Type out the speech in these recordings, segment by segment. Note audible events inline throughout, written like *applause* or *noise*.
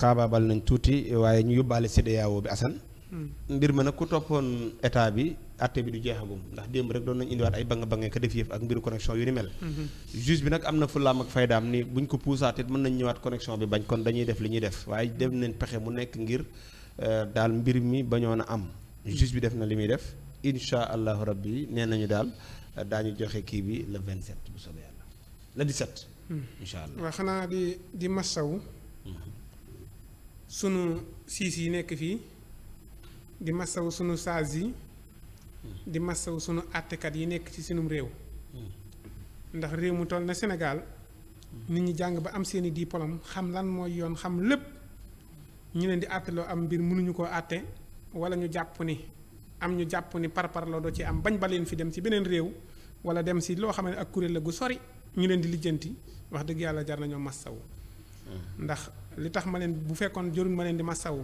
xaabaabal nañ tuuti waaye ñu yóbbaale CEDEAO bi Assane. Hmm. mbir ma nag ku toppoon état bi àtte bi du jeexagum ndax démb rek doon nañu indiwaat ay banga banga ka def yëf ak mbiru connexion yu ni mel. Hmm. juge bi nag am na fullaam ak faydaam ni buñ ko puusaatee mën nañ ñëwaat connexion bi bañ kon dañuy def li ñuy def waaye def nañ pexe mu nekk ngir euh, daal mbir mi bañoon a am. juge bi def na li muy def incha allahu rabbi nee nañu daal euh, daañu joxe kii bi le 27 bu soobee yàlla le 17. Hmm. incha allah waaw xanaa di di sunu siis yi nekk fii di masawu sunu saas yi di masawu sunu àttekat yi nekk ci sunum réew ndax réew mu toll na Sénégal nit ñi jàng ba am seeni diplôme xam lan mooy yoon xam lépp ñu leen di àtteloo am mbir mënuñu koo àtte wala ñu jàpp ni am ñu jàpp ni parparloo doo ci am bañ ba leen fi dem ci beneen réew wala dem si loo xam ne ak kuréel la gu sori ñu leen di lijjanti wax dëgg yàlla jar nañoo massawu ndax li tax ma leen bu fekkoon jëruñ ma leen di saw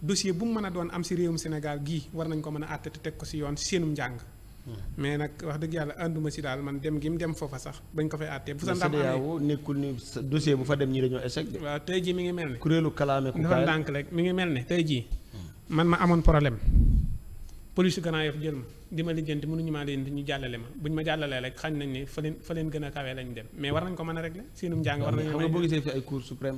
dossier bu mu mën a doon am si réewum Sénégal gii war nañ ko mën a àtte te teg ko si yoon seenum njàng. Hmm. mais nag wax dëgg yàlla ànduma si daal man dem gi mu dem foofa sax bañ ko fay àttee. bu sa ndam amee nekkul ni dossier fa dem ñi dañoo tey jii mi ngi mel ne. kuréelu kalaame ku dafa ndànk rek mi ngi mel ne. tey jii hmm. man ma amoon problème police Grand Yoff jël ma di ma lijjanti mënuñu maa leen ñu jàllale ma buñ ma jàllalee rek xañ nañ ne fa leen gën a kawee lañ dem mais war nañ ko mën a régler seenum njàng war nañu. xam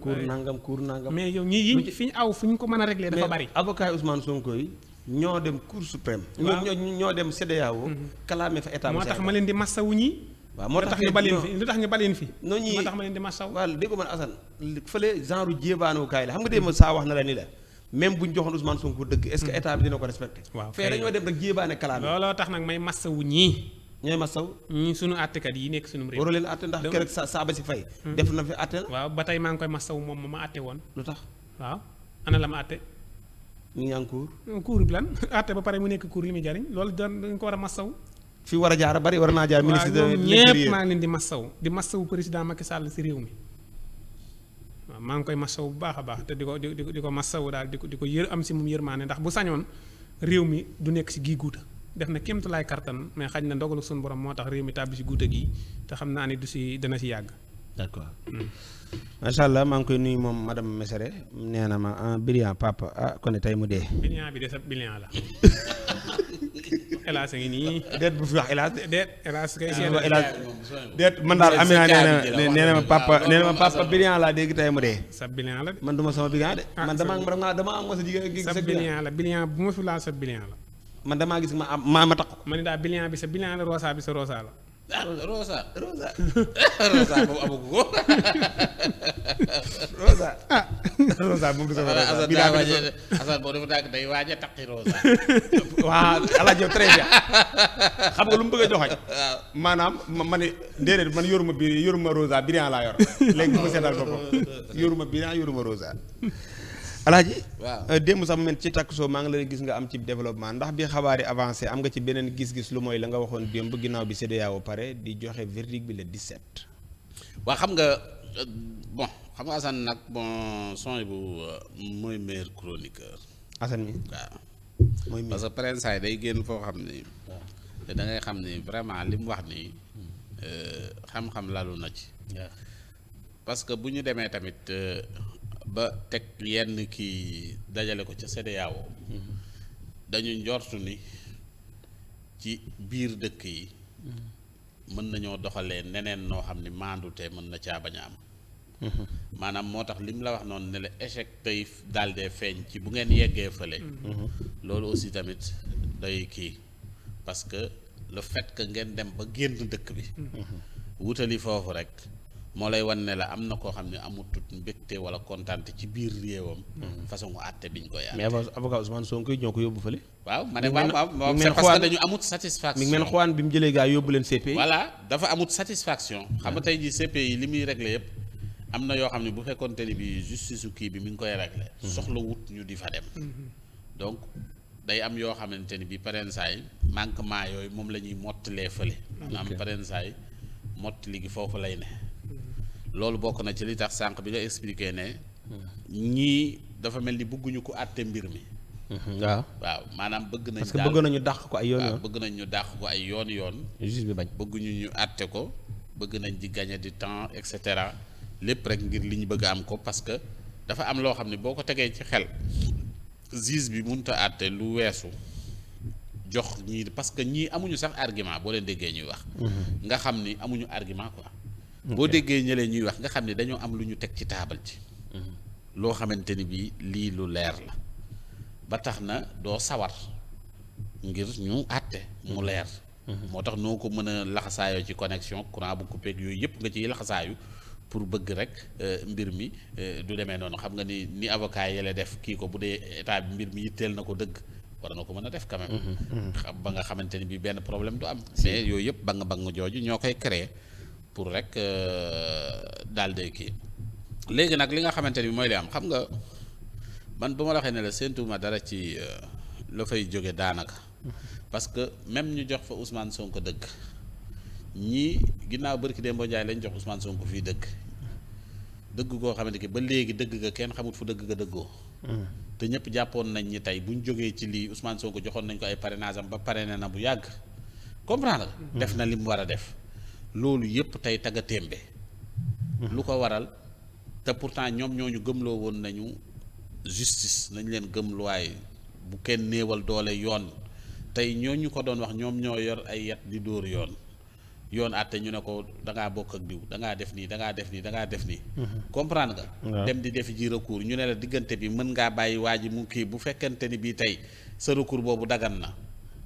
cour nangam cour nangam. mais yow ñii yiñ fi ñu aw fu ñu ko mën a réglé dafa bari. avocat Ousmane Sonko yi ñoo dem cour suprême. waaw ñoo ñoo dem CEDEAO. Mhm. kalaame fa état moo tax ma leen di ma saa wax na la ni la. même bu ñu joxoon Ousmane Sonko dëgg. est-ce que mhm. état dina ko respecté. waaw fee dem rek jéebaane kalaame. looloo tax nag may massawu ñii ñooy ma saw ñi sunu àttekat yi nekk sunu réew waroo leen àtte ndax keroog sa saaba fay def na fi àtte la ba tey maa ngi koy ma saw moom ma woon lu tax waaw ana la ma àtte ñu ngi bi lan *laughs* àtte ba pare mu nekk cours li muy jariñ loolu dañ ko war a ma saw fi war a jaar bari war naa jaar ministre de maa ngi leen di masaw di masaw président Macky Sall si réew mi waaw maa ngi koy masaw bu baax a baax te di ko di ko di ko masaw daal di ko di ko yër am si moom yërmaane ndax bu sañoon réew mi du nekk si gii guuta def na kéemtulaay kartan mais xaj na ndogalu suñu borom moo tax réew mi tàbbi si guute gi te xam naa ni du si dana si yàgg. d'accord mm. macha allah maa ngi koy nuyu moom madame Mesere nee na ma ah brillant papa ah tey mu dee. bi de sa brillant la. *laughs* hélas ah, man daal Amina nee na nee na ma papa nee ma papa brillant laa dégg tey mu dee. sa brillant la de. man du ma sama brillant de. Ah, man damaa dama am nga sa jigéen sa brillant la brillant bu ma fi laa sa brillant la. man damaa gis ma am maa ma tax ko. ma ne daal bilan bi sa bilan la rosa bi sa rosa la. Ah, rosa rosa *laughs* rosa boobu amagu *laughs* ah. bi de Assane dafa dàgg day waaj a taqi rosa. *laughs* waaw alaaji yow très bien xam nga lu mu bëgg a joxe. waaw maanaam ma ne déedéet man yoruma bi yoruma rosa bilan laa yor léegi bu ma seetal boppam yoruma bilan yoruma rosa. alaaji waaw euh, démb sax mu mel ci takk soo maa ngi lay gis nga am ci développement ndax bi xabaar avancé am nga ci beneen gis-gis lu mooy la nga waxoon démb ginnaaw bi CEDEAO pare di joxe verdict bi le 17. waa xam nga euh, bon xam nga Assane nag bon son bu euh, mooy meilleur chroniqueur. Assane mi waaw. parce que Prince Saay day génn foo xam ni. te da ngay xam ni vraiment li mu wax nii hmm. xam-xam lalu na ci. parce que bu ñu demee tamit. ba teg yenn kii dajale ko ca CEDEAO mm-hmm. dañu njortu ni ci biir dëkk yi mm-hmm. mën nañoo doxalee neneen noo xam ni te mën na caa bañ a am mm-hmm. maanaam moo tax li la wax noonu ne échec tey daal dee feeñ ci bu ngeen yeggee fële loolu aussi tamit day kii parce que le fait que ngeen dem ba génn dëkk bi wutali foofu rek moo lay wan ne la am na koo xam ne amut tut mbégte wala kontaante ci biir réewam. Hmm. façon àtte biñ koy àtte. mais avocat Ousmane Sonko ñoo ko yóbbu fële. waaw ma ne waaw waaw c'est parce que dañu amut satisfaction. mi ngi mel xawaan bi mu jëlee gaa yóbbu leen CPI. voilà dafa amut satisfaction. xam nga tey jii CPI li muy réglé yëpp. am na yoo xam ne bu fekkoonte ni bi justice su kii bi mu ngi koy réglé. Hmm. soxla wut ñu di fa dem. Hmm. donc day am yoo xamante ni bi parensaay manquement yooyu moom la ñuy mottalee fële. am parensaay mottali gi foofu lay ne. loolu bokk na ci li tax sànq bi nga expliqué ne. Hmm. ñii dafa mel ni bëgguñu ko àtte mbir mi. Hmm. waaw waaw maanaam bëgg nañ. nañu dàq ko ay yoon yoon bëgg nañ ñu dàq ko ay yoon yoon. juge bañ bëgguñu ñu àtte ko bëgg nañ di gagner du temps et cetera lépp rek ngir li ñu bëgg am ko parce que dafa am loo xam ne boo ko tegee ci xel juge bi munta a àtte lu weesu. jox ñii parce que ñii amuñu sax argument boo leen déggee ñuy wax. Hmm. nga xam ni amuñu argument quoi. boo déggee ñëlee ñuy wax nga xam ne dañoo am lu ñu teg ci taabal ci mhm. loo xamante ni bii lii lu leer la ba tax na doo sawar ngir ñu àtte mu mhm. leer mhm. moo tax noo ko mën a laxasaayoo ci connection courant bu coupé ak yooyu yëpp nga ciy laxasaayu pour bëgg rek euh, mbir mi euh, du demee noonu xam nga ni ni avocat yele def kii ko bu dee état bi mbir mi yitteel na ko dëgg war na ko mën a def quand même. ba nga xamante ni bi benn problème du am. mais yooyu yëpp bang bang jooju ñoo koy créer pour rek euh, daal day kii léegi nag li nga xamante ni mooy li am xam nga man bu ma la waxee ne la séentuwuma dara ci euh, la fay jóge daanaka parce que même ñu jox fa Ousmane Sonko dëgg ñii ginnaaw barki Demba Ndiaye lañ jox Ousmane Sonko fii dëgg dëgg goo xamante ni ba léegi dëgg ga kenn xamut fu dëgg ga dëggoo. Mm. te ñëpp jàppoon nañ ñi tey bu ñu jógee ci lii Ousmane Sonko joxoon nañ ko ay parrainage am ba parrainé na bu yàgg comprendre mm. def na li war a def. loolu yëpp tey tagga témbe mhm. lu ko waral te pourtant ñoom ñooñu gëmloo woon nañu justice nañ leen gëm luwaay bu kenn néewal doole yoon tey ñooñu ko doon wax ñoom ñoo yor ay yat di dóor yoon yoon àtte ñu ne ko da bokk ak diw da ngaa def nii da def nii da ngaa def nii. Mhm. nga. dem di def ji recours ñu ne la diggante bi mën ngaa bàyyi waa ji mu kii bu fekkente ni bii tey sa recours boobu daggan na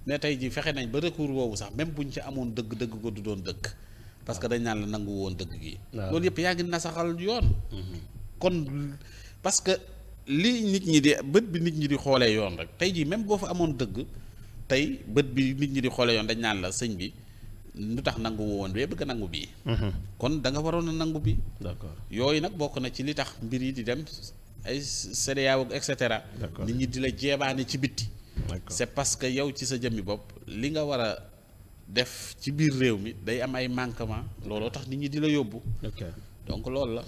ne tey ji fexe nañ ba recours boobu sax même ñu ci amoon dëgg dëgg ko du doon dëgg. parce que dañ naan la nangu woon dëgg gi loolu yëpp yaa ngi nasaxal yoon mhm. kon parce que li nit ñi di bët bi nit ñi di xoolee yoon rek tey jii même boo fa amoon dëgg tey bët bi nit ñi di xoole yoon dañ naan la sëñ bi lu tax nangu woon bee bëgg nangu bii mhm. kon da waroon a nangu bi d'accord yooyu nag bokk na ci li tax mbir yi di dem ay CEDEAO et cetera nit ñi di la jeebaane ci bitti c'est parce que yow ci sa jëmmi bopp li nga war def ci biir réew mi day am ay manquement looloo tax nit ñi di la yóbbu. donc loolu la.